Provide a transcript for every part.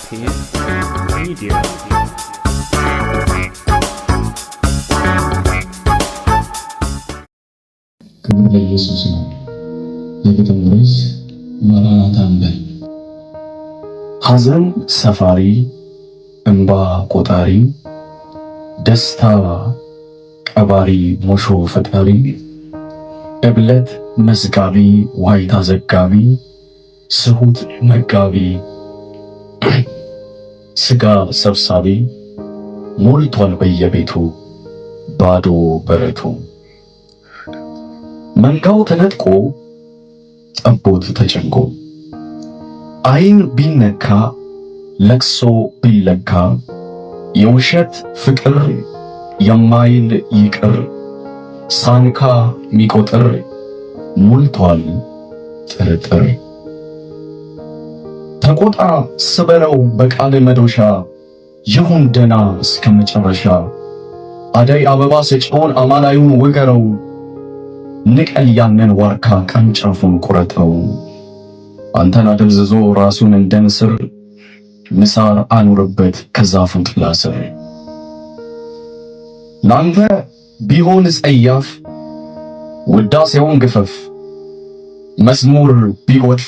to Media. ክብር ለኢየሱስ ነው። የግጥም ርዕስ መራናታ እንበል። ሐዘን ሰፋሪ፣ እንባ ቆጣሪ፣ ደስታ ቀባሪ፣ ሞሾ ፈጣሪ፣ እብለት መዝጋቢ፣ ዋይታ ዘጋቢ፣ ስሁት መጋቢ ስጋ ሰብሳቢ ሞልቷል በየቤቱ ባዶ በረቱ። መንጋው ተነጥቆ ጠቦት ተጨንቆ አይን ቢነካ ለቅሶ ቢለካ የውሸት ፍቅር የማይል ይቅር ሳንካ ሚቆጥር ሞልቷል ጥርጥር ተቆጣ ስበለው በቃል መዶሻ ይሁን ደና እስከ መጨረሻ። አደይ አበባ ሰጪውን አማላዩን ውገረው፣ ንቀል ያንን ዋርካ ቀንጫፉን ቁረጠው። አንተን አደብዝዞ ራሱን እንደ ንሳር ምሳር አኑርበት ከዛፉ ጥላ ስር። ለአንተ ቢሆን ጸያፍ ውዳሴውን ግፈፍ መዝሙር ቢጎድፍ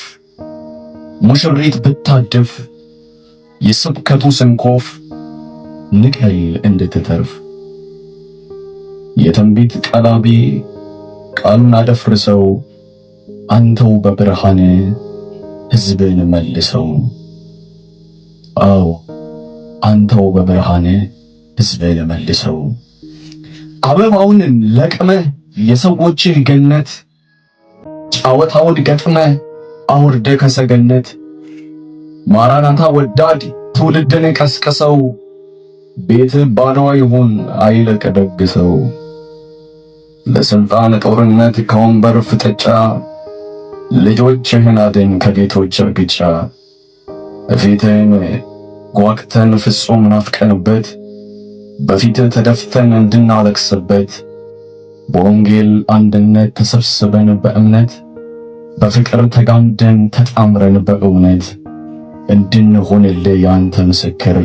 ሙሽሪት ብታድፍ የስብከቱ ስንኮፍ ንቀይ እንድትተርፍ የትንቢት ቀላቢ ቃሉን አደፍርሰው አንተው በብርሃን ሕዝብን መልሰው። አዎ አንተው በብርሃን ሕዝብን መልሰው። አበባውን ለቅመህ የሰዎችን ገነት ጫወታውን ገጥመህ አውርደ ከሰገነት ማራናታ ወዳድ ትውልድን ቀስቅሰው ቤት ባድዋ ይሁን አይለቅ ደግሰው ለስልጣን ጦርነት ከወንበር ፍጥጫ ልጆችህን አድን ከጌቶች እርግጫ እፊትህን ጓግተን ፍጹም ናፍቀንበት በፊትህ ተደፍተን እንድናለቅስበት በወንጌል አንድነት ተሰብስበን በእምነት በፍቅር ተጋምደን ተጣምረን በእውነት እንድንሆንልህ የአንተ ምስክር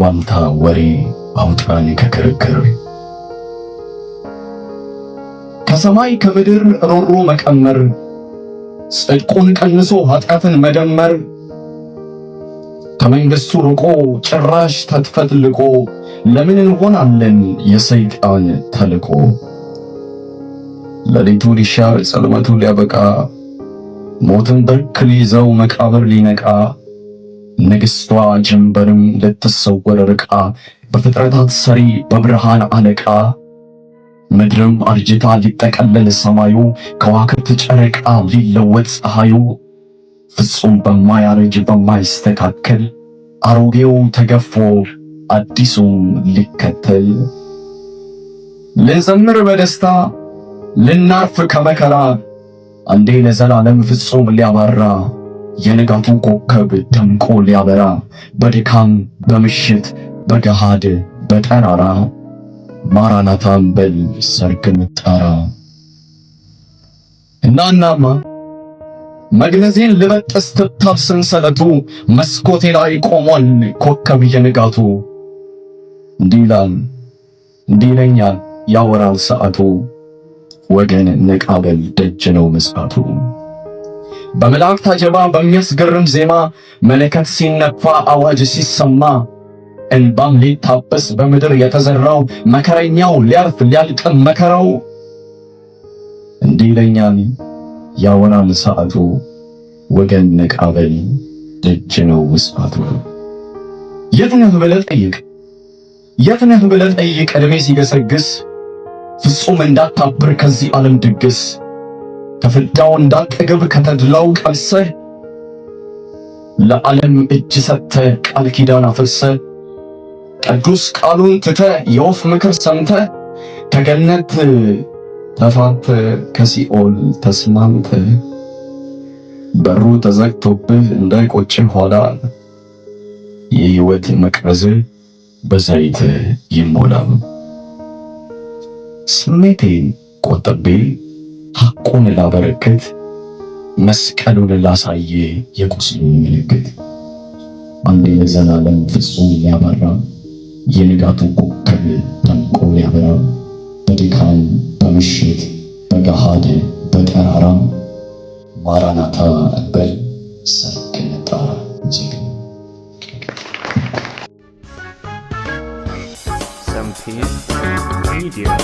ባንታ ወሬ አውጥራን ከክርክር። ከሰማይ ከምድር ሮሮ መቀመር ጽድቁን ቀንሶ ኃጢአትን መደመር ከመንግስቱ ርቆ ጭራሽ ተትፈትልቆ ለምን እንሆናለን የሰይጣን ተልቆ? ለሊቱ ሊሻር ጸልመቱ ሊያበቃ ሞትን በርክ ሊይዘው መቃብር ሊነቃ ንግሥቷ ጀንበርም ልትሰወር ርቃ በፍጥረታት ሰሪ በብርሃን አለቃ ምድርም አርጅታ ሊጠቀለል ሰማዩ ከዋክብት ጨረቃ ሊለወጥ ፀሐዩ ፍጹም በማያረጅ በማይስተካከል አሮጌው ተገፎ አዲሱም ሊከተል ልንዘምር በደስታ ልናርፍ ከመከራ አንዴ ለዘላለም ፍጹም ሊያባራ የንጋቱን ኮከብ ደምቆ ሊያበራ በድካም በምሽት በገሃድ በጠራራ ማራናታን በል ሰርግን ጠራ እናናማ መግነዜን ልበጠስ ትብታብ ሰንሰለቱ መስኮቴ ላይ ቆሟል ኮከብ የንጋቱ እንዲህ ይላል እንዲህ ይለኛል ያወራል ሰዓቱ ወገን መቃብር ደጅ ነው መስፋቱ። በመላእክት አጀባ በሚያስገርም ዜማ መለከት ሲነፋ አዋጅ ሲሰማ እንባም ሊታበስ በምድር የተዘራው መከረኛው ሊያርፍ ሊያልቅም መከረው እንዲህ ይለኛል ያወናል ሰዓቱ ወገን መቃብር ደጅ ነው ውስፋቱ። የት ነህ ብለህ ጠይቅ የት ነህ ብለህ ጠይቅ እድሜ ሲገሰግስ ፍጹም እንዳታብር ከዚህ ዓለም ድግስ ተፈዳው እንዳጠገብ ከተድላው ቀምሰህ ለዓለም እጅ ሰጥተ ቃል ኪዳን አፈሰ ቅዱስ ቃሉን ትተ የወፍ ምክር ሰምተ ከገነት ተፋተ ከሲኦል ተስማምተ በሩ ተዘግቶብህ እንዳይቆጭ ኋላ የሕይወት መቅረዝ በዘይት ይሞላም። ስሜቴን ቆጥቤ ሐቁን ላበረክት፣ መስቀሉን ላሳየ የቁስሉ ምልክት አንድ የዘላለም ፍጹም ሊያበራ የንጋቱ ኮከብ ጠልቆ ሊያበራ በድካም በምሽት በገሃድ በጠራራ ማራናታ እበል ሰርክ እንጣራ። SMP Media.